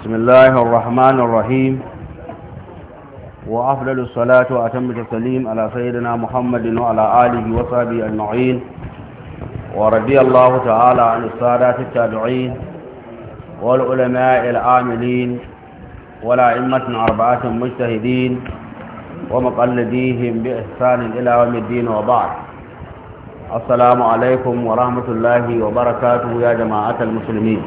بسم الله الرحمن الرحيم وأفضل الصلاة وأتم التسليم على سيدنا محمد وعلى آله وصحبه أجمعين ورضي الله تعالى عن السادات التابعين والعلماء العاملين والأئمة أربعة مجتهدين ومقلديهم بإحسان إلى يوم الدين وبعد السلام عليكم ورحمة الله وبركاته يا جماعة المسلمين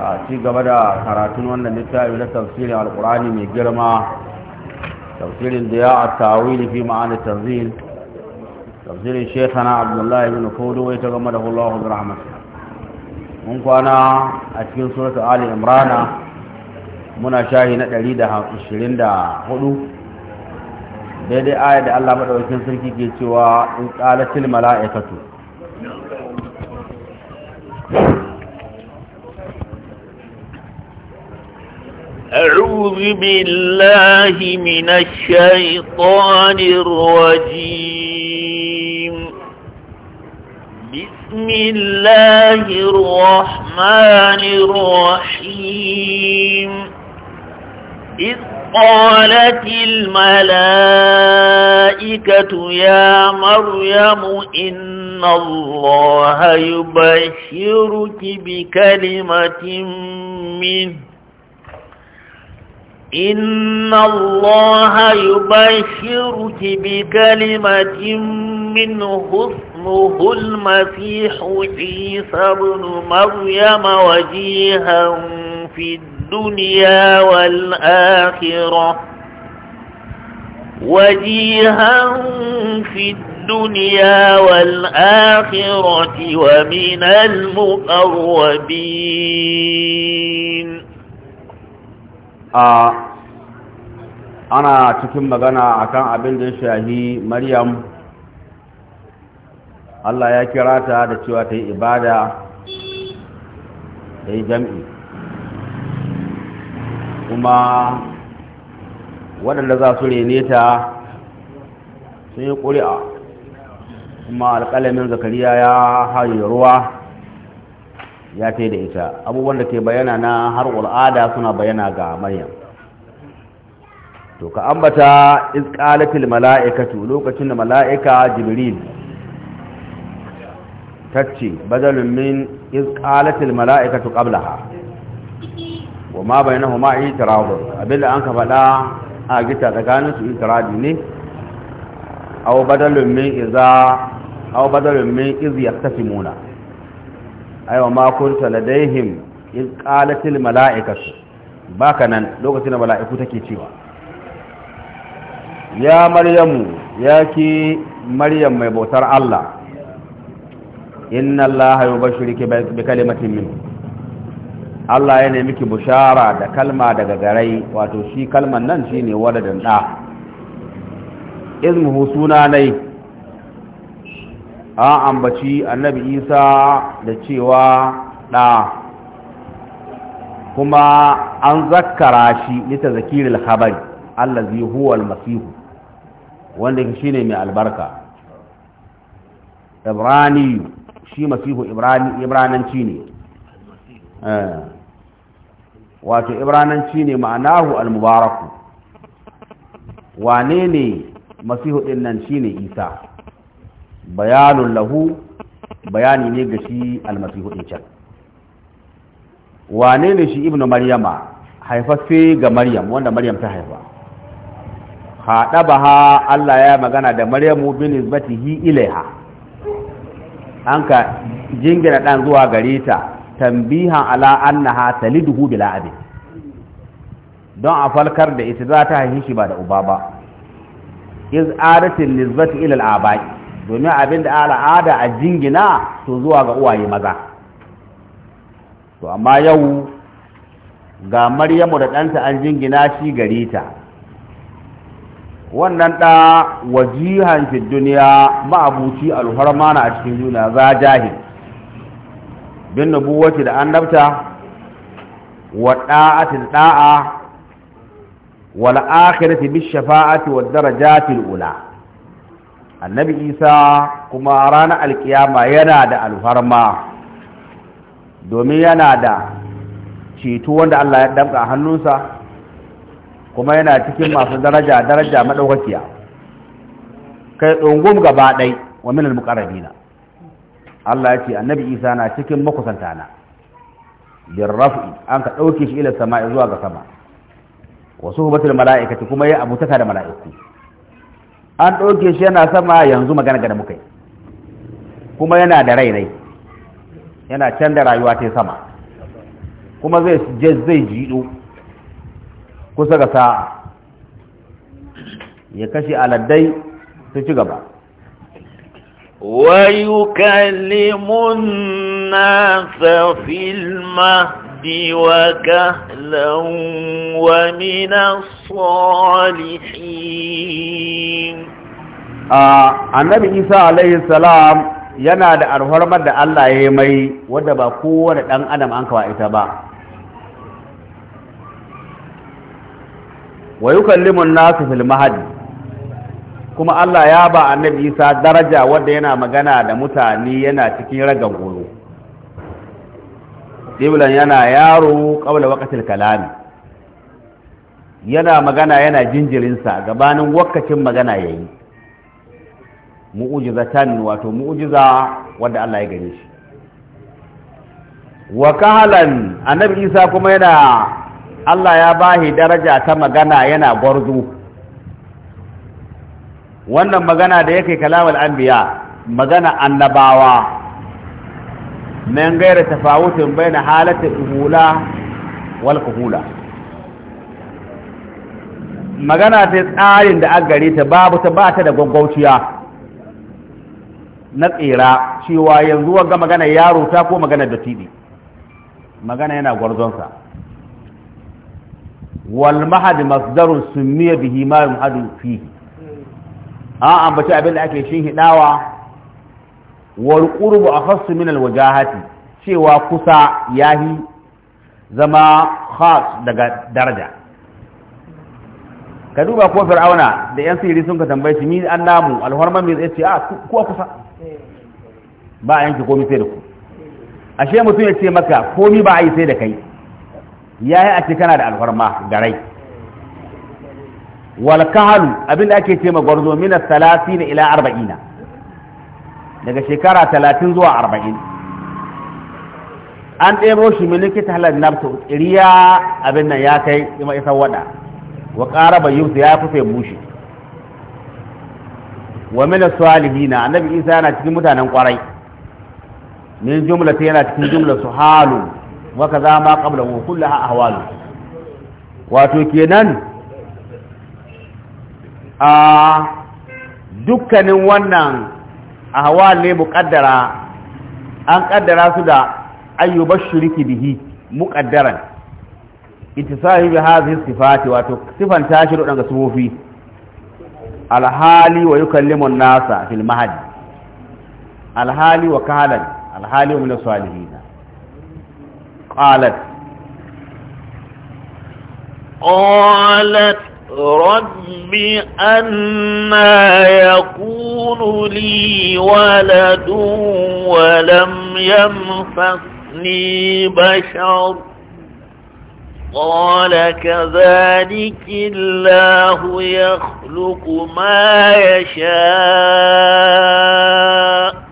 a ci gaba da karatun wannan littafi na tafsirin alkurani mai girma tafsirin da ya a tawili fi ma'ana tanzil tafsirin shekana abdullahi bin kudu wai ta gama da hulawar rahmat mun kwana a cikin suratu ali imrana muna shahi na 124 daidai aya da allah maɗaukin sarki ke cewa in ƙalatil mala'ikatu أعوذ بالله من الشيطان الرجيم بسم الله الرحمن الرحيم إذ قالت الملائكة يا مريم إن الله يبشرك بكلمة منه إن الله يبشرك بكلمة منه اسمه المسيح عيسى بن مريم وجيها في الدنيا والآخرة وجيها في الدنيا والآخرة ومن المقربين a ana cikin magana akan abin da ya shahi maryam Allah ya kira ta da cewa ta yi ibada ta yi jam'i kuma waɗanda za su rene ta sun yi ƙuri'a kuma alƙalamin zakariya ya haye ruwa ya ta da ita abubuwan da ke bayana na har al'ada suna bayana ga maryam to ka ambata isqalatil mala'ikatu lokacin da mala'ika jibril tacce badalun min isqalatil mala'ikatu qablaha wa ma bainahuma i'tirad abinda an ka fada a gita tsakanin su i'tiradi ne aw badalun min iza aw badalun min iz yaqtasimuna aiwa makunta ladaihim in qalatil mala'ikatu baka nan lokacin da mala'iku take cewa ya maryamu ya ki maryam mai bautar Allah inna allaha yubashshiruki bi kalimatin min Allah ya nemi ki bushara da kalma daga garai wato shi kalman nan shine waladan da ismuhu sunanai an ambaci annabi isa da cewa ɗa kuma an zakkara shi nita zakiril habari allazi huwa almasihu wanda shi ne mai albarka ibraniyu shi masihu ibrananci ne eh. wato ibrananci ne ma'anahu almubaraku wane ne masihu ɗin nan shi ne isa bayanun lahu bayani ne ga shi almasihu can wane ne shi ibnu maryama haifaffe ga maryam wanda maryam ta haifa ha Allah ya magana da maryamu bin nisbatihi ilaiha an ka jingina ɗan zuwa gare ta tambihan ala annaha taliduhu bila abin don a falkar da ita za ta haifi shi ba da uba ba iz aratin nisbati ila al-abai domin abin da al'ada a jingina to zuwa ga uwaye maza to amma yau ga maryamu da ɗanta an jingina shi gare ta wannan ɗa wajihan fi duniya ma'abuci alharmana a cikin juna za jahil bin nubuwati da annabta wa ɗa'ati da ɗa'a wal akhirati bis shafa'ati wad darajatil ula annabi isa kuma ranar alkiyama yana da alfarma domin yana da ceto wanda allah ya damka hannunsa kuma yana cikin masu daraja daraja madaukakiya kai ɗungum gaba ɗai wa minal muƙarrabina allah ya ce annabi isa na cikin makusantana bin rafi an ka ɗauke shi ila sama'i zuwa ga sama wasu hubatul mala'ikati kuma ya abutaka da mala'iku an ɗauke shi yana sama yanzu magana gada muka yi kuma yana da rai rai yana can da rayuwa ta sama kuma zai zai jiɗo kusa ga sa'a ya kashe aladdai su ci gaba ويكلم الناس nasa filma. العبد وكهلا ومن الصالحين annabi isa alaihi salam yana da alhormar da Allah ya yi mai wadda ba kowane ɗan adam an kawa ita ba wa yukallimun nasu fil mahadi kuma Allah ya ba annabi isa daraja wadda yana magana da mutane yana cikin ragan goro. Dibulan yana yaro ƙaula wakatil kalami yana magana yana jinjirinsa gabanin wakacin magana ya yi Mu'ujiza can wato mu'ujiza wadda Allah ya gani shi wa kahalan annabi isa kuma yana Allah ya bahi daraja ta magana yana gwarzo wannan magana da yake kalamul anbiya magana annabawa من غير تفاوت بين حالة الأولى والكهولة magana ta tsarin da aka gare ta babu ta bata da gwaggauciya na tsira cewa yanzu wanga magana yarota ko magana da tibi magana yana gwarzonsa wal mahad masdarun summiya bihi ma yumhadu fihi an ambaci abin da ake shin hidawa wal a fassu min al wajahati cewa kusa yahi zama khas daga daraja ka duba ko fir'auna da yan siri sun ka tambaye shi ni an namu alhorman mai zai ce ah, a kuwa kusa ba a yanki komi sai da ku ashe mutum ya ce maka komi ba a yi sai da kai ya yi a ce kana da alhorma ga rai wal kahalu abinda ake ce ma gwarzo minas salasi ila arba'ina daga shekara talatin zuwa arba'in an ɗebo shi miliki ta halar nafsu riya abin nan ya kai ima isa wada wa ƙara su ya kusa bushe wa mina na, annabi isa yana cikin mutanen kwarai min jumla ta yana cikin jumla su halu wa za ma ƙabla wa kullaha ahwalu wato kenan a dukkanin wannan ahwal ne muqaddara an qaddara su da ayyuba bihi muqaddaran itisahi bi hadhihi sifati wa sifan tashiru shi daga sufofi alhali wa yukallimu an-nasa fil mahad alhali wa kalan alhali wa min as-salihin qalat qalat رب أنا يكون لي ولد ولم يمسسني بشر قال كذلك الله يخلق ما يشاء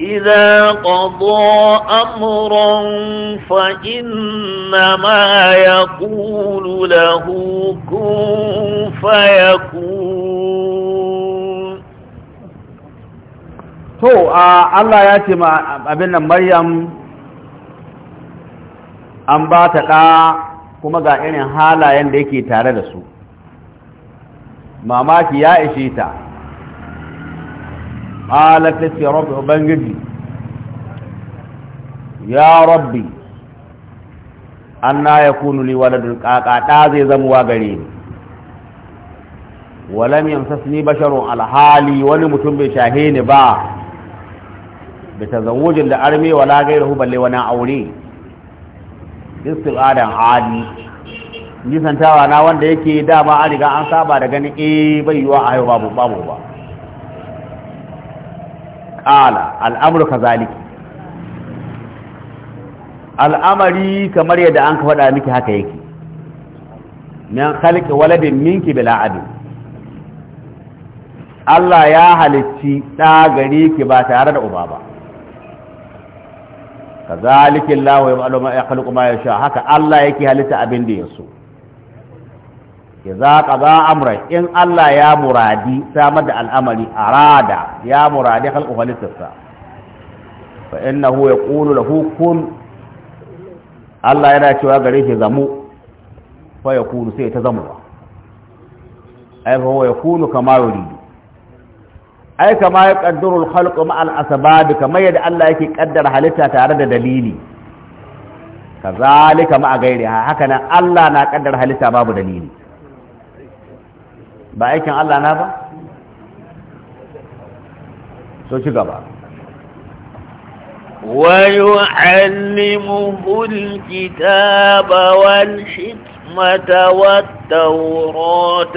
إذا قضى أمرا فإنما يقول له كن فيكون تو الله ياتي مع ابن مريم an ba ta ɗa kuma ga irin halayen da yake tare da su mamaki ya ishe ta قالت لك رب أبنجي يا ربي أنا يكون لي ولد قاتازي زموا قريب ولم يمسسني بشر على حالي ولمتم بشاهين با بتزوج لأرمي ولا غيره بل وانا أولي استغادا عادي nisantawa na wanda yake dama an riga an saba da ganin eh bai yiwa a haihu babu babu ba ta'ala al'amru kazaliki al'amari kamar yadda an ka faɗa miki haka yake min khalqi waladin minki bila adin Allah ya halicci ɗa gare ki ba tare da uba ba kazalikin lawa ya ma ya khalqu haka Allah yake halitta abin da ya so idza za amra in Allah ya muradi samar da al'amari arada ya muradi khalqu halittarsa fa innahu yaqulu da hukun. Allah yana cewa gare shi zamu fa yakunu sai ta zamu ai fa yakunu kama yuridu ai kama ya kaddaru al-khalqu ma al-asbab kama yadda Allah yake kaddara halitta tare da dalili Ka kazalika ma gairi haka nan Allah na kaddar halitta babu dalili ba aikin Allah na ba so ci gaba ويعلمه الكتاب والحكمة والتوراة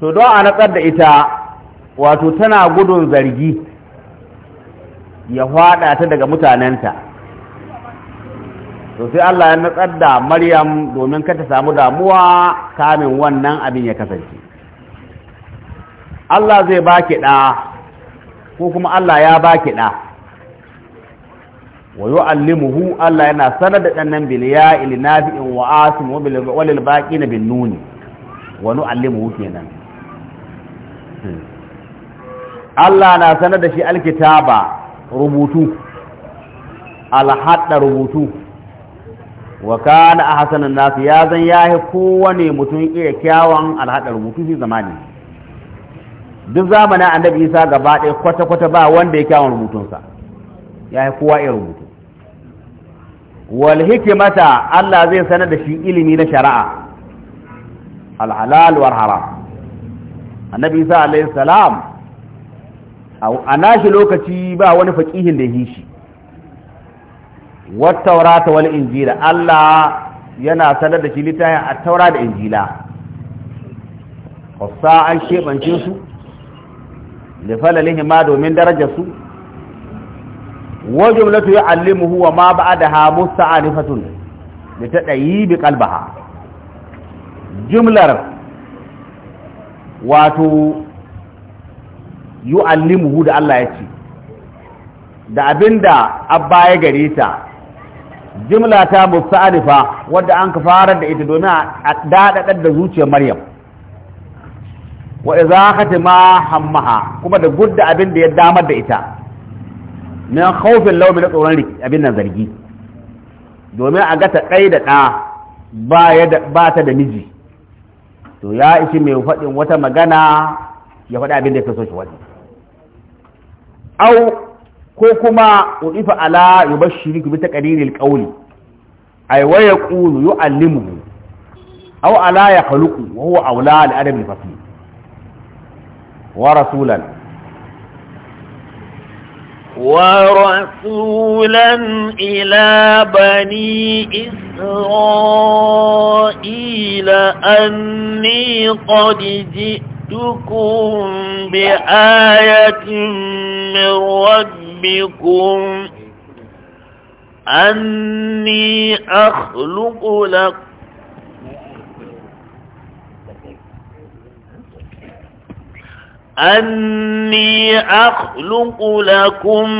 to don a natsar da ita wato tana gudun zargi ya fada ta daga mutanenta to sai Allah ya natsar da Maryam domin ka ta samu damuwa kamin wannan abin ya kasance Allah zai baki da ko kuma Allah ya baki da wa yu'allimuhu Allah yana sanar da dannan nan bil ya nafi'in wa asim wa bil walil baqina bin nun wa nu'allimuhu kenan Allah na sanar da shi alkitaba rubutu alhadda rubutu wa kana ahsanan nas ya zan yahi kowane mutum iya kyawun alhadar mutum shi zamani duk zamani annabi isa gaba ɗaya kwata kwata ba wanda ya kyawun rubutunsa ya yi kowa iya rubutu wal hikimata Allah zai sanar da shi ilimi na shari'a al halal wal haram annabi isa alayhi salam a nashi lokaci ba wani faqihin da ya yi wattaurata wani injila Allah yana sanar da shi littafin a taura da injila wasa an shebance su da falalihi ma domin darajar su wa jumlatu ya'allimuhu wa ma da ta li bi qalbaha jumlar wato yu'allimuhu da Allah ya ce da abinda abba ya gare ta jimla ta musta'anifa wadda an ka fara da ita domin a dadadar da zuciyar maryam wa idza khatima hammaha kuma da gudda abin da ya damar da ita min khawfin law min tsoron abin nan zargi domin a ga ta kai da da ba ta da miji to ya ishi mai faɗin wata magana ya faɗi abin da ya fi so shi wani au ko kuma udifa ala yubashshiri bi taqdiril qawli ay wa yaqulu yu'allimuhu aw ala yakhluqu wa huwa awla li adam wa rasulan wa rasulan ila bani israila anni qad ji'tukum bi ayatin min rabbikum ربكم أني أخلق لك أني أخلق لكم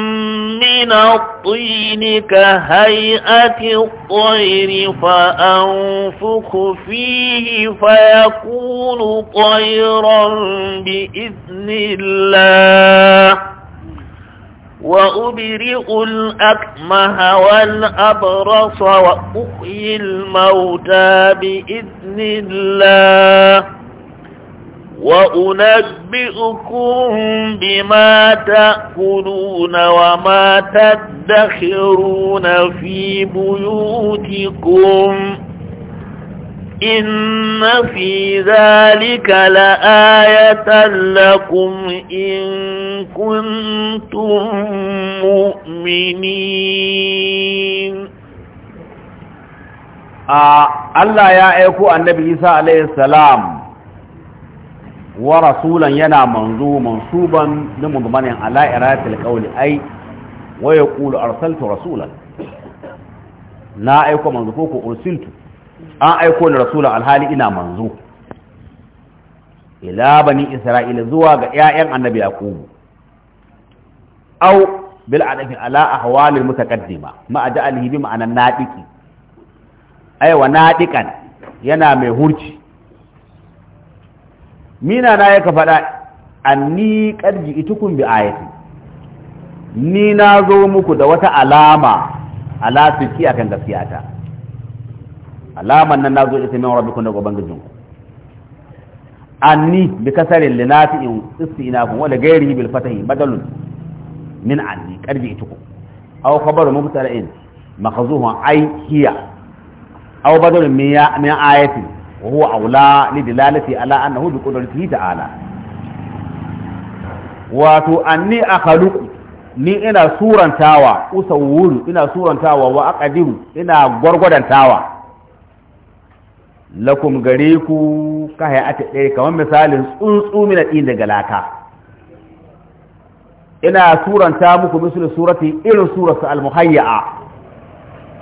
من الطين كهيئة الطير فأنفخ فيه فيكون طيرا بإذن الله وأبرئ الأكمه والأبرص وأحيي الموتى بإذن الله وأنبئكم بما تأكلون وما تدخرون في بيوتكم Inna zalika la ayatan lakum in kuntum mu'minin مؤمنين Allah ya aiko annabi Isa alayhi salam wa rasulan yana manzo mansuban da mudmanin ala iratil qawli ai wa yaqulu arsaltu rasulan na aiko manzo ko ursiltu an aiko ni rasulun alhali ina manzo ila bani isra'ila zuwa ga 'ya'yan annabi yaqubu aw bil adafi ala ahwalil mutaqaddima ma ja'alihi bi ma'anan nadiqi ay wa nadiqan yana mai hurci mina na yaka fada anni qarji itukum bi ayati ni na zo muku da wata alama ala siki akan gaskiyata alaman nan zo ita min rabbikum daga ubangijin ku anni bi kasarin linafi'in wala bil fatahi badalun min anni ituku aw khabaru makhzuhun ay hiya aw badalun min ya min ayati wa huwa awla ala annahu bi qudratihi ta'ala wato anni akhluqu ni ina surantawa usawwuru ina surantawa wa aqdiru ina gwargwadantawa lakum gare ku ka hayata ɗaya kamar misalin tsuntsu mina ɗin daga laka ina suranta muku misali surati irin suratu al-muhayya'a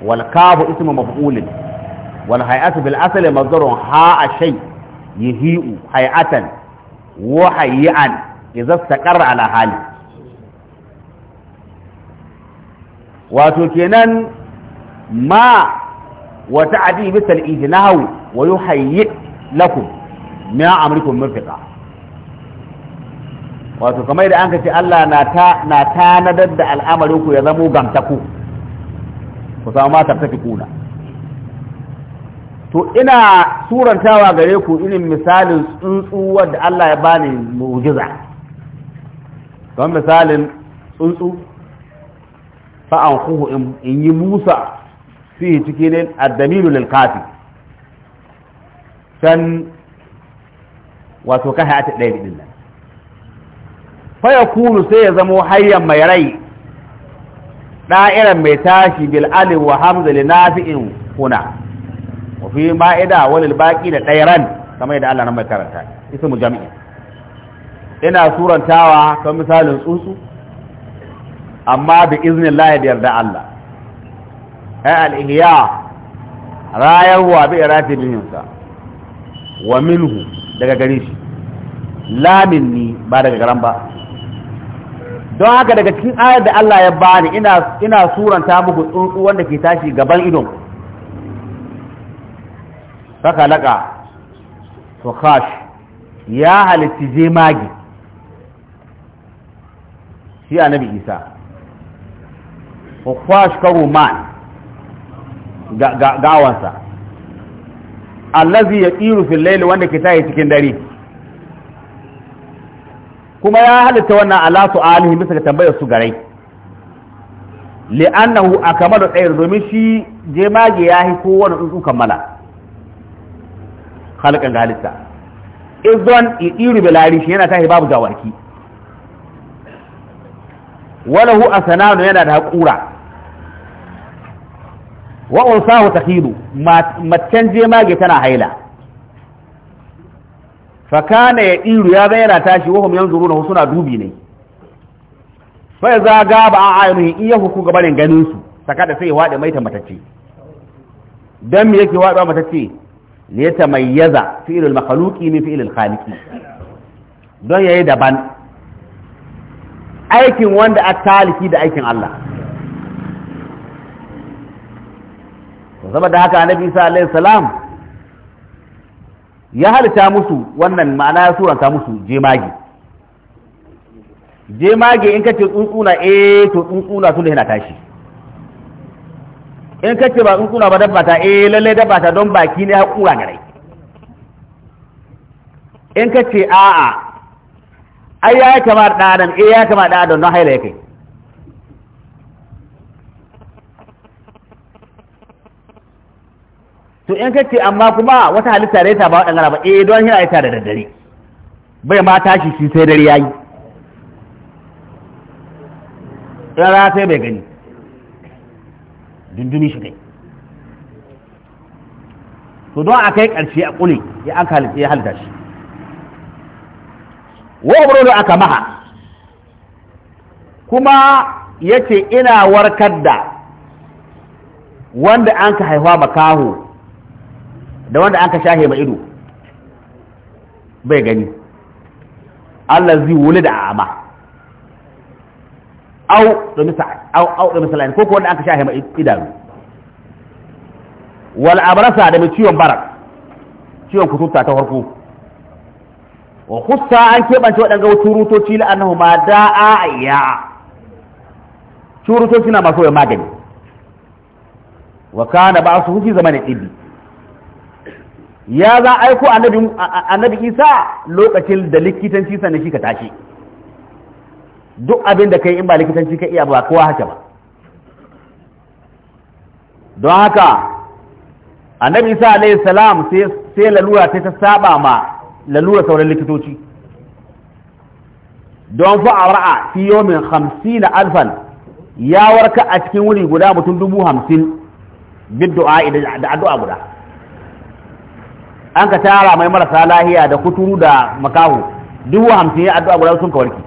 wal kafu ismu maf'ulin wal hay'atu bil asli mazdarun ha ashay yihi'u hay'atan wa hay'an idza istaqarra ala hali wato kenan ma وتعدي مثل إجناه ويحيئ لكم ما عملكم مرفقا wato kamar da an ka ce Allah na tanadar da ku ya zamo gamtaku ku samu ta fi kuna to ina surantawa gare ku irin misalin tsuntsu wadda Allah ya bani mu'jiza kamar misalin tsuntsu fa'an in yi musa fihi ciki ne addamilu lil kafi can wato ka hayata ɗaya din nan fa Kulu sai ya zamo hayyan mai rai da'iran mai tashi bil alif wa hamza li nafi'in kuna wa fi ma'ida walil baqi da ɗairan kamar yadda Allah na mai karanta ismu jami'i ina surantawa kan misalin tsuntsu amma bi iznillahi da yarda Allah al-ihya rayarwa bi iratibihinsa wa minhu daga gare shi lamin ni ba daga garan ba don haka daga cikin ayar da Allah ya bani ina ina suranta muku tsuntsu wanda ke tashi gaban idon saka laka to khash ya halitti jemagi shi annabi Isa ko khash karuman gawansa allazi ya tsiru fil laili wanda ke tayi cikin dare kuma ya halitta wannan alatu alihi bisa ga tambayar su garai li'annahu akmalu tsayar domin shi jemage ya yi kowane tsuntsu kammala halkan halitta izon idiru bilari shi yana tahi babu gawarki walahu asananu yana da haƙura wa unsahu matan je mage tana haila fa kana ya iru ya yana tashi wahum yanzuruna suna dubi ne fa za ga ba a ainihin iya ga gabanin ganin su saka da sai wada maita matacce dan me yake wada matacce ne ta mayyaza fi'ilul makhluqi min fi'ilul khaliqi don yayi daban aikin wanda at taliki da aikin Allah saboda haka annabi isa alaihi salam ya halitta musu wannan ma'ana ya suranta musu jemage jemage in kace tsuntsuna eh to tsuntsuna tun yana tashi in kace ba tsuntsuna ba dabba ta eh lalle dabba ta don baki ne hakura gare in kace a'a ai ya kama da adam eh ya kama da adam don haila yake to in ce amma kuma wata halitta da ya taba waɗanda ba eh don ya ita da daddare bai ma tashi shi sai dare yayi rara sai bai gani dunduni shi kai to don a kai ƙarshe a kule ya an halitta ya halitta shi wa ubrodo aka maha kuma yace ina warkar da wanda an ka haihuwa makaho da wanda an ka shahe ma ido bai gani Allah zai wuli da ama au da misal au au da misal ko ko wanda an ka shahe ma idanu wal abrasa da mai ciwon barak ciwon kuturta ta farko wa khussa an kebance waɗanga turutoci la annahu ma da'a ya turutoci na masu magani wa kana ba su huji zamanin ibi ya za aiko annabi isa lokacin da likitanci sannan shi ka tashi duk abin da kai in ba likitanci ka iya ba kowa haka ba don haka annabi isa alayhi salam sai lalura ta ta saba ma lalura sauran likitoci don ra'a fi yomin hamsin alfan ya warka a cikin wuri guda mutum dubu hamsin bin du'a da addu'a guda an ka tara mai marasa lahiya da kuturu da makahu dubu hamsin ya addu'a guda sun kawarki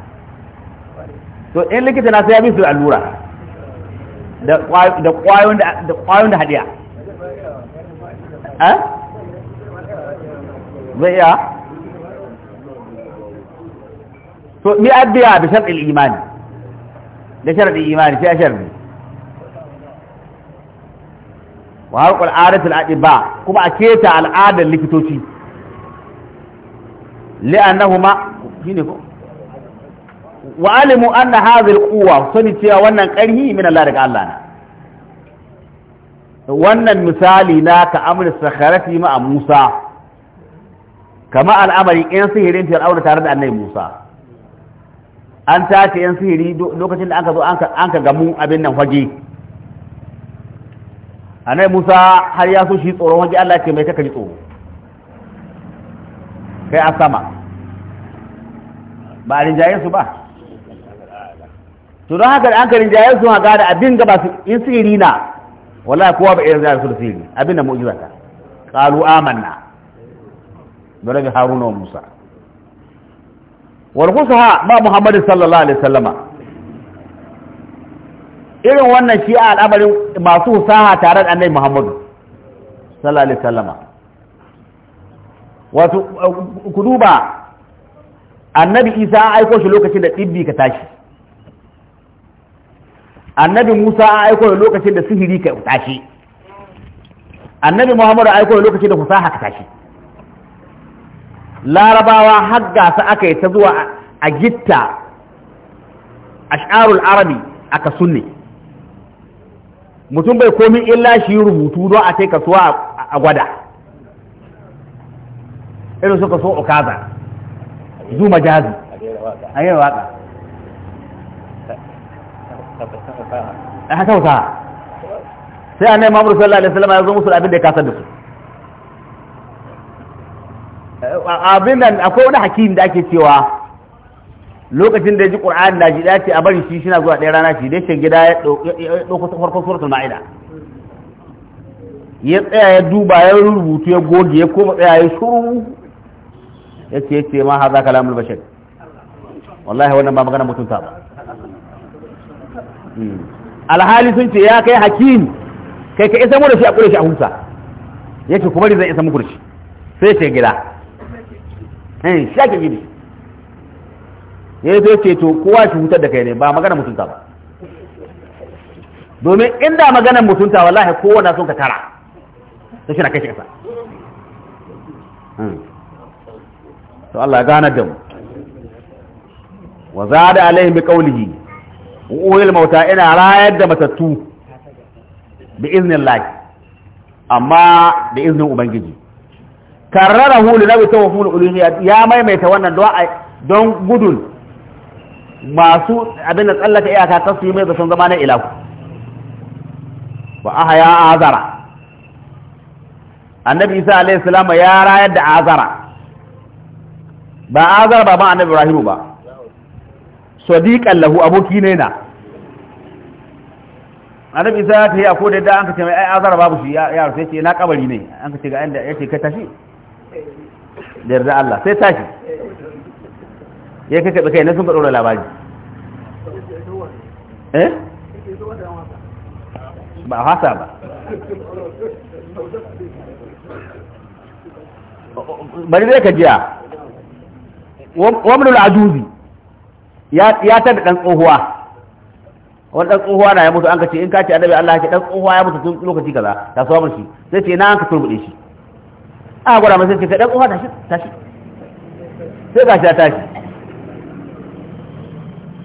to in likita na sai ya bisu allura da kwayoyin da da hadiya eh? zai ya to mi addu'a da sharɗin imani da sharɗin imani sai a sharɗi wa harkar adatul adiba kuma a keta al'adar likitoci li'annahuma shine ko wa alimu anna hadhihi alquwa sani cewa wannan karhi min Allah daga Allah ne wannan misali na ka amr sakharati ma Musa kama al'amari yan sihirin fir'auna tare da annabi Musa an tace yan sihiri lokacin da anka zo anka anka gamu abin nan fage anai musa har ya so shi tsoron waje Allah ce mai taka ji tsoro kai a sama ba a rinjaye su ba to don haka an ka rinjayen su haka da abin gaba su in sirri na wallahi kowa ba irin zai su da sirri abin da mu'ujiza ta kalu amanna bi rabbi haruna wa musa wal qusaha ma muhammadin sallallahu alaihi wasallama irin wannan shi a al'amarin masu husaha tare da annabi Muhammadu sallallahu alaihi wasallama wato ku duba annabi Isa an aiko shi lokacin da dibbi ka tashi annabi Musa an aiko shi lokacin da sihiri ka tashi annabi Muhammadu aiko shi lokacin da husaha ka tashi larabawa har gasa aka yi ta zuwa a gitta ash'arul arabi aka sunne mutum bai komi illa shi rubutu don a kai kasuwa a gwada irin suka so okaza zu majazi a yi waka a haka wata sai annai mamuru sallallahu alaihi wasallam ya zo musu abin da ya kasar da su abin nan akwai wani hakim da ake cewa lokacin da ya ji qur'ani da ji dace a bari shi shi na zuwa ɗaya rana shi dai shi gida ya ɗauko farkon suratul ma'ida ya tsaya ya duba ya rubutu ya goge ya koma tsaya ya shuru ya ce ya ce ma haza kalamul bashar wallahi wannan ba magana mutunta ba hmm. alhali sun ce ya kai hakim kai ka isa mu da shi a kure shi a husa yake kuma zai isa muku da shi sai ce gida hmm, shi ake gidi ya zo ce to kowa shi hutar da kai ne ba magana mutunta ba domin inda maganar mutunta wallahi kowa na son ka tara ta shi na kai shi kasa hmm. to Allah gana da mu wa zada alaihi bi qawlihi uhil mauta ina rayar da matattu bi iznillah amma da iznin ubangiji karrarahu li nabi tawful uluhiyya ya maimaita wannan du'a don gudun masu abin da tsallaka iyaka ta su yi mai zaton zama na ilaku ba aha ya azara annabi isa alaihi salama ya rayar da azara ba azara ba ba annabi ibrahimu ba sadiqan lahu aboki ne na annabi isa ya ce a ko da an ka ce mai ai azara babu shi ya rufe ce na kabari ne an ka ce ga inda ya ce ka tashi da yarda Allah sai tashi ya kaka tsakai na sun faɗo da labari eh? ba a hasa ba bari zai ka jiya wamnul ajuzi ya da ɗan tsohuwa wani ɗan tsohuwa na ya mutu an ka ce in ka ce annabi Allah ya ce ɗan tsohuwa ya mutu tun lokaci kaza ta suwa shi sai ce na an ka turbuɗe shi a gwada mai sai ce ɗan tsohuwa tashi tashi sai ga shi ta tashi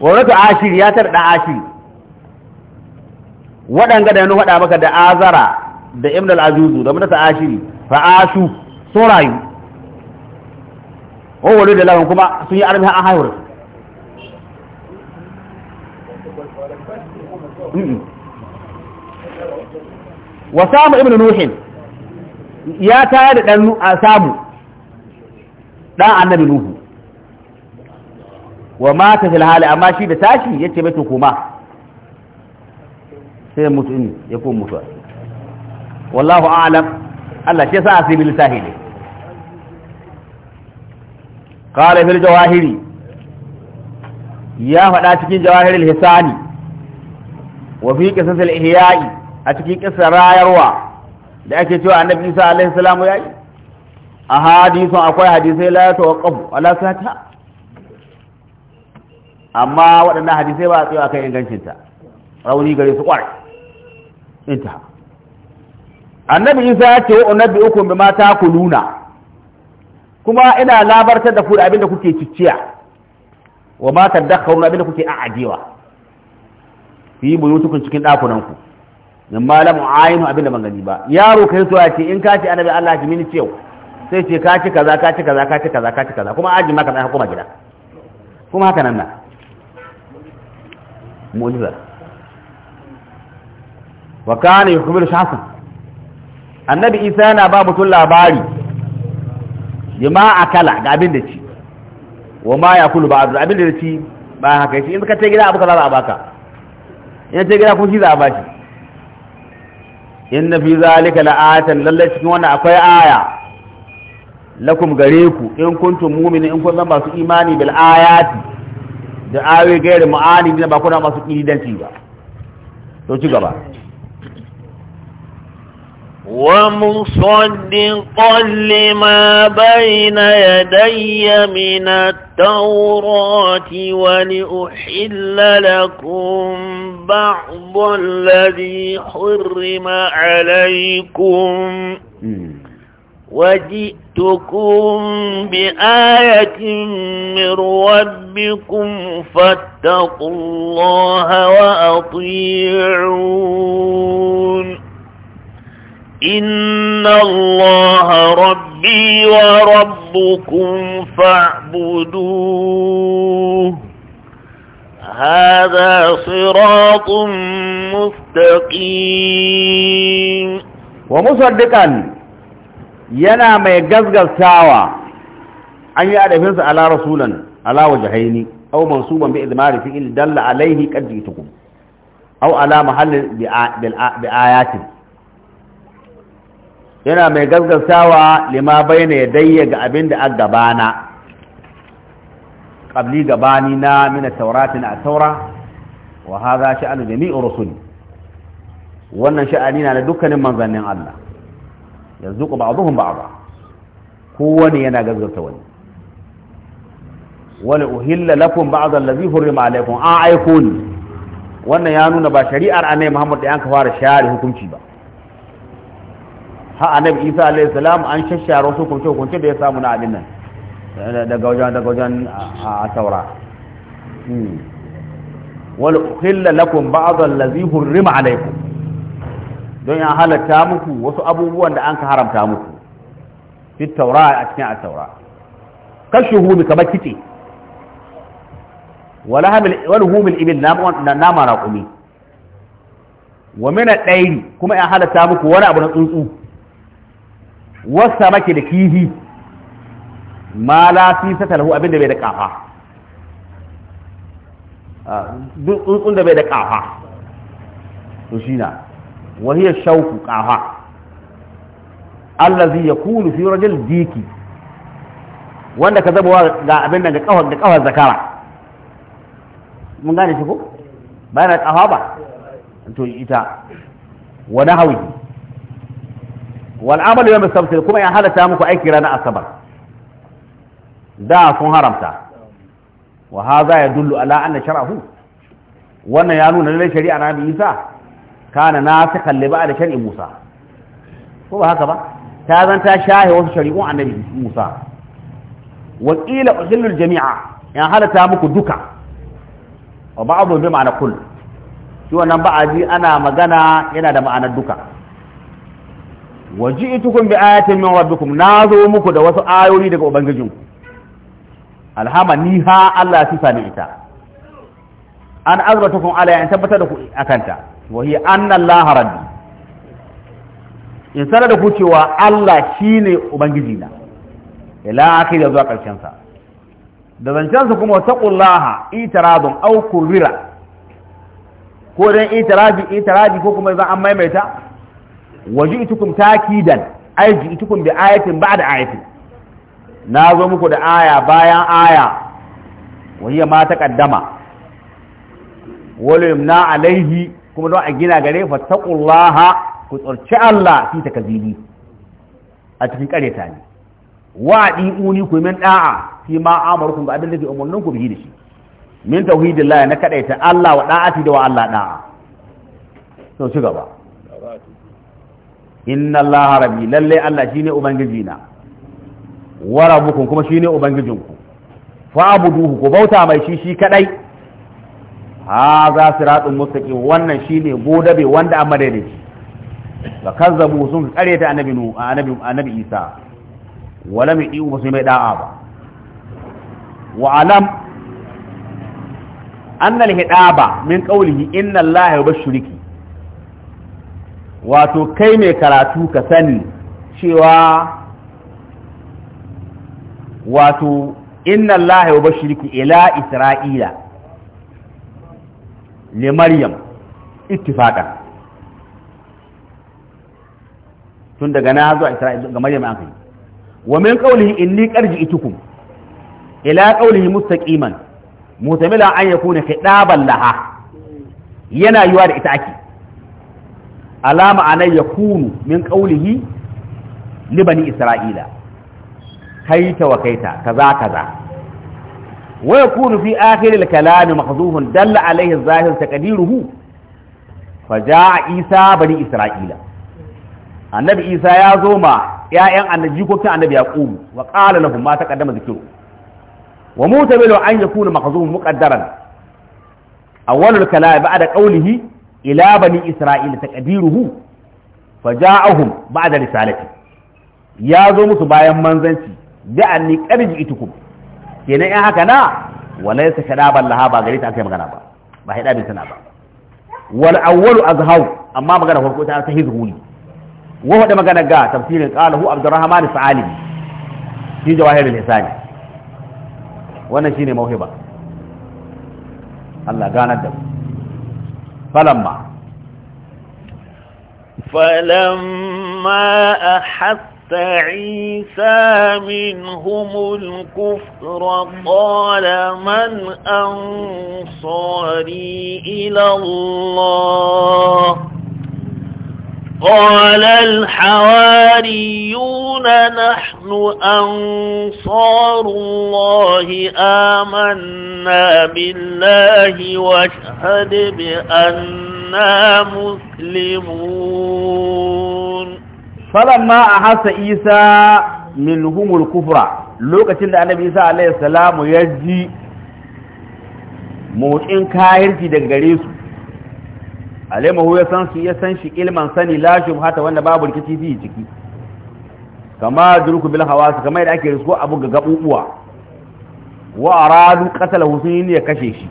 waratu ashir ya tarɗa ashir waɗanga da yanu faɗa maka da azara da ibn al-ajuzu da munasa ashiri fa asu sun rayu o wani da lawan kuma sun yi armi an haihuwar wa samu ibn nuhin ya tayar da ɗan samu ɗan annabi nuhu wa mata fil hali amma shi da tashi yace bai to kuma sai mutu in ya ko mutuwa wallahu a'lam Allah shi yasa asibi lisahili qala fil jawahiri ya faɗa cikin jawahirul hisani wa fi qisas al ihya'i a cikin qissar rayarwa da ake cewa annabi Isa alaihi salamu yayi a hadisun akwai hadisai la tawaqqafu ala sata amma waɗannan hadisai ba a tsaye kan ingancinta rauni gare su ƙwarai inta annabi isa ya ce wa nabi uku bi mata kuluna kuma ina labartar da ku da abinda kuke cicciya wa ma abin abinda kuke a'ajewa fi tukun cikin dakunan ku min malamu ayinu abin abinda ban gani ba yaro kai so ya ce in ka ce annabi Allah ki mini cewa sai ce ka ci kaza ka ci kaza ka ci kaza ka ci kaza kuma aji maka dan hakuma gida kuma haka nan na mu'jiza wa kana yukhbiru shasan annabi isa yana ba mutum labari jama'a kala ga abin da ci wa ma ya yakulu ba'd abin da ci ba haka shi in ka ta gida abu kaza za a baka in ta gida kuma shi za a bashi inna fi zalika la'atan lalle cikin wannan akwai aya lakum gare ku in kuntum mu'minin in kun zama su imani bil ayati da awe gairi masu ba to ci gaba ومصدقا لما بين يدي من التوراة ولأحل لكم بعض الذي حرم عليكم وجئ جئتكم بآية من ربكم فاتقوا الله وأطيعون إن الله ربي وربكم فاعبدوه هذا صراط مستقيم ومصدقا yana mai gazgasawa an yi adafinsa ala rasulan ala waje haini. aw mansuban bi idmari fi'il dalla alaihi qad jitukum aw ala mahallin bi ayatin yana mai gazgasawa lima bayna yadayya ga abinda a gabana qabli gabani na min at-taurati na at-taura wa hadha sha'anu jami'i rusuli wannan sha'ani na dukkanin manzannin Allah yanzu ku ba'dhum ba'dha kowane yana gazzata wani wala uhilla lakum ba'dha allazi hurrima alaykum a aikun wannan ya nuna ba shari'ar annabi Muhammad da yanka fara share hukunci ba ha annabi Isa alayhi salam an shashare wasu hukunce hukunce da ya samu na abin nan daga wajen daga wajen a taura hmm. wala uhilla lakum ba'dha allazi hurrima alaykum don ya halatta muku wasu abubuwan da an ka haramta muku fi taura a cikin a taura kashi humi kamar kitse wani humin ibil nama raƙumi wa mina ɗairi kuma ya halatta muku wani abu na tsuntsu wasa maki da kifi. ma lafi sata lahu abinda bai da ƙafa ah, duk tsuntsun da bai da ƙafa to shi na wa hiya shauku qaha allazi yakunu fi rajul diki wanda ka zaba ga abin nan ga kawar da kawar zakara mun gane shi ko bayan da kafa ba to ita wa nahawi wal amalu yawm as kuma ya halata muku aiki ranar asabar da sun haramta wa ya yadullu ala anna wannan ya nuna lalle shari'a na Isa kana na ta kalli ba da shari'in Musa ko ba haka ba ta zan ta shahe wasu shari'un annabi Musa wa qila uhillul jami'a ya halata muku duka wa ba'dhu bi ma'ana kull shi wannan ba'azi ana magana yana da ma'anar duka wa ji'tukum bi ayatin min rabbikum nazo muku da wasu ayoyi daga ubangijinku alhama niha Allah sifa ne ita an azbatukum ala ya tabbata da ku akanta wahi annan laharar in sanar da ku cewa Allah shi ubangiji na ila akai da zuwa ƙarshensa sa da zancen sa kuma taqullaha itirazun aukun rira ko don itirazi itirazi ko kuma zan an maimaita waji'tukum takidan aiki itukun da ayatin da ayatin na zo muku da aya bayan aya wahiya ma ta ƙaddama wale na alaihi kuma don a gina gare fa ku tsorci Allah fi takazili a cikin ta ne wa'adi uni ku min da'a fi ma amarukum ba abin da ke umurnin ku bihi da shi min tauhidillah na kadaita Allah wa da'ati da wa Allah da'a to ci gaba inna Allah rabbi lalle Allah shine ubangiji na wa rabbukum kuma shine ubangijinku fa abuduhu ku bauta mai shi shi kadai ha za su ratsun mustaƙi wannan shi ne godabe wanda an madaidaici ba kan zabu sun tsare ta annabi isa wala mai ɗiwu ba su mai ɗa'a ba wa alam annal hidaba min qawlihi inna allaha yubashshiriki wato kai mai karatu ka sani cewa wato inna allaha yubashshiriki ila isra'ila li maryam ittifaqan tun daga na zuwa isra'il ga maryam an kai wa min qawlihi inni qad ji'tukum ila qawlihi mustaqiman mutamila an yakuna khitaban laha yana yiwa da ita ake alama anai yakunu min qawlihi li bani isra'ila kaita wa kaita kaza kaza Waya yakunu fi akhir al-kalam mahzufun dalla alayhi az-zahir taqdiruhu fa jaa isa bani isra'ila annabi isa ya zo ma ƴaƴan annabi jikokin annabi yaqub wa qala lahum ma taqaddama dhikru wa mutamilu an yakuna mahzufun muqaddaran awwal al-kalam ba'da qawlihi ila bani isra'ila taqdiruhu fa ja'ahum ba'da risalati ya zo musu bayan manzanci bi anni qarji itukum kenan in haka na walai ta shada ban laha ba gari ta aka magana ba ba haida bin sana ba wal awwalu azhaw amma magana farko ta ta hizhuli wa hada magana ga tafsirin qala hu abdurrahman sa'ali shi jawahirul lisani wannan shine mauhiba Allah ganar da mu falamma فلما أحس عيسى منهم الكفر قال من أنصاري إلى الله قال الحواريون نحن أنصار الله آمنا بالله واشهد بأننا مسلمون falamma a hasa isa minhumul kufra lokacin da annabi isa alaihi salamu ya ji motsin kayarki daga gare su alaimahu ya san su ya san shi ilman sani la shubhata wanda babu rikici fi ciki kama durku bil hawas kama yadda ake risko abu ga gabubuwa wa aradu qatala husayn ya kashe shi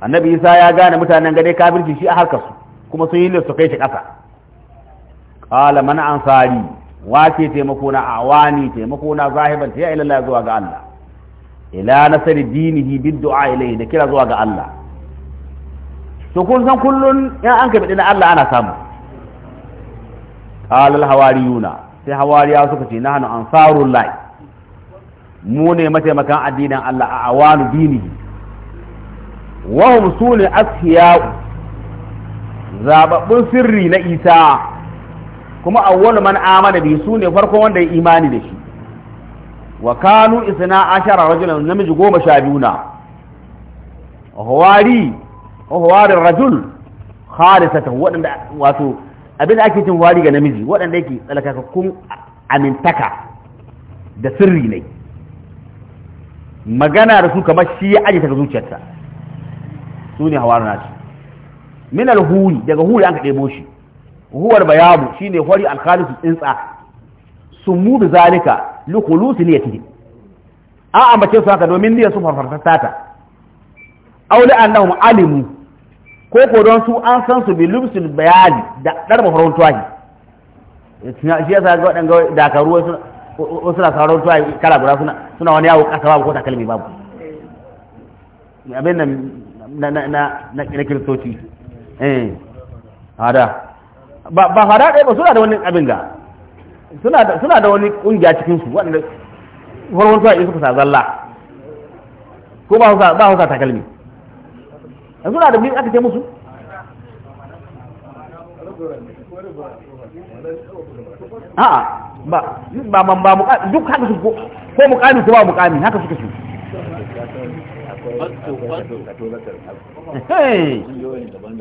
annabi isa ya gane mutanen gare kafirci shi a harkar su kuma sun yi su kai shi kasa qala man ansari wace taimako na awani taimako na zahiban ta ila Allah zuwa ga Allah ila nasari dinihi bid du'a ilayhi da kira zuwa ga Allah to kun san kullun ya an kabi na Allah ana samu qala al hawariyuna sai hawariya suka ce nahnu ansarullah mu ne mataimakan addinin Allah a awanu dinihi wa hum sunu ashiya zababbun sirri na Isa kuma awwalu man amana bi sune farko wanda ya imani da shi wa kanu isna ashara rajulan namiji goma sha biyu na hawari hawari rajul khalisatan wadanda wato abin da ake cin wari ga namiji wadanda yake tsalakakkun amintaka da sirri ne magana da su kamar shi ya aje ta zuciyarsa su ne hawari nasu min alhuri daga huri an ka ɗebo shi huwar bayabu shine hori alkhalisu tsintsa sumu bi zalika li khulusi niyatihi a ambace su haka domin niyyar su farfarta ta aw annahum alimu ko ko don su an san su bi lubsul bayani da darba farkon tuwahi shi yasa ga wadanga dakaru wasu suna sauran tuwahi kala guda suna suna wani yawo kasa babu ko takalmi babu abin nan na na na na kiristoci eh hada ba fara ɗaya ba suna da wani abin da suna da wani ƙungiya cikinsu waɗanda farkon suna iya suka sa zalla ko ba ba sa takalmi suna da bin aka ce musu a'a ba ba ba ba duk haka su ko mukami ko ba mukami haka suka su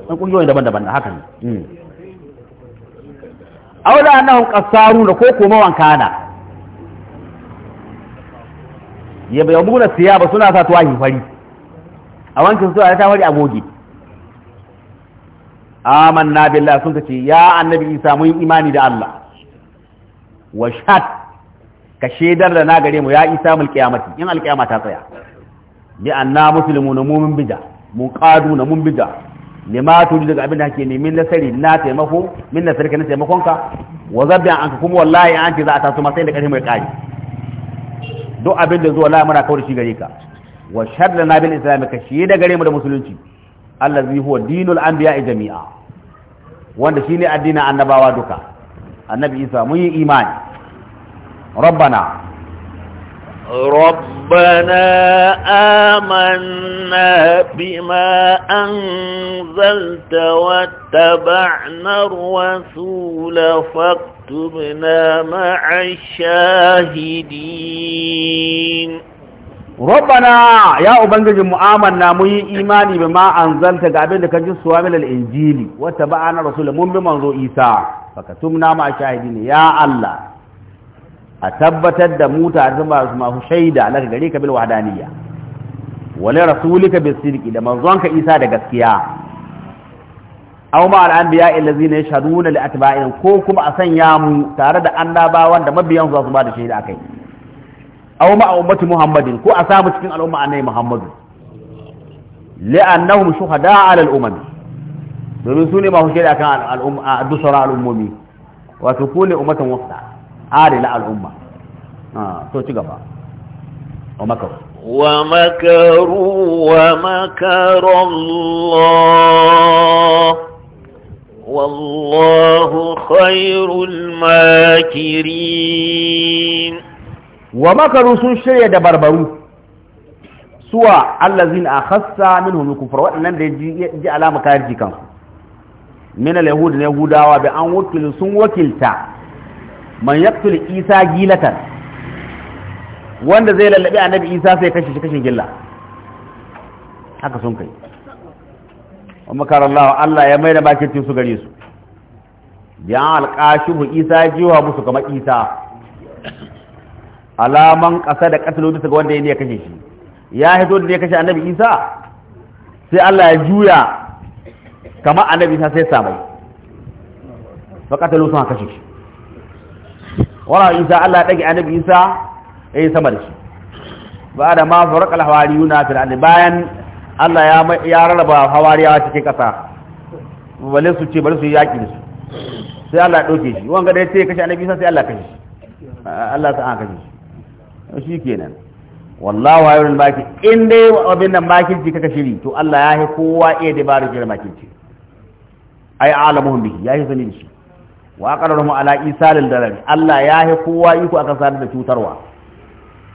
ƙungiyoyin daban-daban haka ne hmm. aula annahum qassaruna ko kuma wankana ya bai siya ba suna sa yi fari a wankin su a ta fari a goge amanna billah sun kace ya annabi isa mun imani da Allah wa shat ka shedar da na gare mu ya isa mul qiyamati in alqiyama ta tsaya bi anna muslimuna mu'min bida mun qaduna mun bida lima tuju daga abin da hake ne min nasari na taimako min nasarka na taimakonka wa zabbi an kuma wallahi an ce za a taso masai da karfi mai kai duk abin da zuwa la muna kawar shi gare ka wa sharri na bil islam ka shi da gare mu da musulunci allazi huwa dinul anbiya jami'a wanda shine addinin annabawa duka annabi isa mun yi imani rabbana rabb ربنا آمنا بما أنزلت واتبعنا الرسول فاكتبنا مع الشاهدين ربنا يا أبنجي مؤمنا مي إيماني بما أنزلت قابل لك جس وامل الإنجيل واتبعنا الرسول من بمنظر إيسا فكتبنا مع الشاهدين يا الله a tabbatar da muta zama masu shaida laka gare ka bil wahdaniyya wala rasulika bis sidqi da manzonka Isa da gaskiya aw ma al anbiya allazina yashhaduna li atba'in ko kuma a sanya mu tare da annabawan da mabiyan su su ba da shaida kai. aw ma ummati muhammadin ko a samu cikin al'umma annabi muhammadu li'annahum shuhada'a 'ala al umam domin su ne masu shaida akan al'umma a dusara al'ummomi wato kone ummatan wasta adila al'umma ah, to ci gaba wa makaru wa makaru wa makaru Allah wallahu khairul makirin wa makaru sun shirya da barbaru suwa allazina akhassa minhum kufra wadannan da ji alama kayar jikan min al-yahud ne yahudawa bi an wakilu sun wakilta man yaktul isa gilatan wanda zai lallabi annabi isa sai kashe shi kashin gilla haka sun kai amma karallahu Allah ya mai da bakin su gare su ya alqashibu isa jiwa musu kamar isa alaman ƙasa da katalo bisa ga wanda ya ne kashe shi ya hito da ya kashe annabi isa sai Allah ya juya kamar annabi isa sai samai fa katalo sun kashe shi wara isa Allah dage annabi isa eh sama da shi ba da ma farqa al-hawariyuna fil ardi bayan Allah ya ya rarraba hawariyawa cikin kasa balle su ce bari su yaki da su sai Allah dauke shi wanga da yace kashi annabi isa sai Allah kashi Allah ta aka kashi shi kenan wallahu hayrul baki in dai abin nan makinci kaka shiri to Allah ya yi kowa iya dabaru girma kinci ai alamuhum bihi ya yi sani da shi wa mu ala isalil darar Allah ya hi kowa iko aka sadar da cutarwa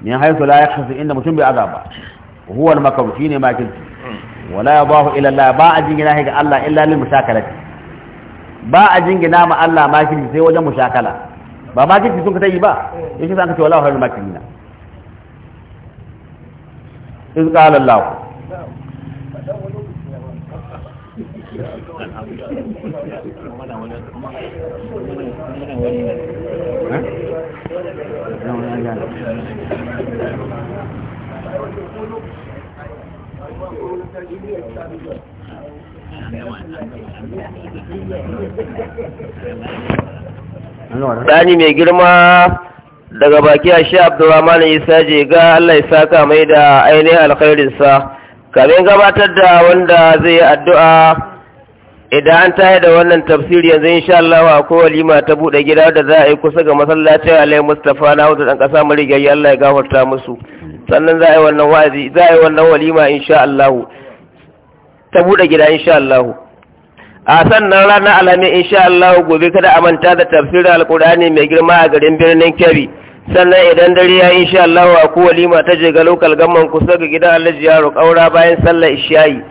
min haythu la yakhsu inda mutum bai azaba huwa al makawfi ne makilci wala yabahu ila Allah ba a gina ga Allah illa lil mushakalati ba a gina ma Allah makilci sai wajen mushakala ba makilci sun ka yi ba yake san ka ce wala hawl makilina iz qala Allah Dani mai girma daga baki a Abdullahi Abdurrahman Isa je ga Allah ya saka mai da ainihin alkhairinsa, kamin gabatar da wanda zai yi addu'a idan an tayar da wannan tafsiri yanzu insha Allah ko walima ta bude gida da za a yi kusa ga masallacin Alai Mustafa na wata dan kasa yi Allah ya gafarta musu sannan za a yi wannan wazi za a yi wannan walima insha Allah ta bude gida insha Allah a sannan ranar alhamis insha Allah gobe kada a manta da tafsirin alkurani mai girma a garin birnin Kebbi sannan idan dare ya insha Allah ko walima ta je ga lokal gamman kusa ga gidan Alhaji Yaro Kaura bayan sallar isha'i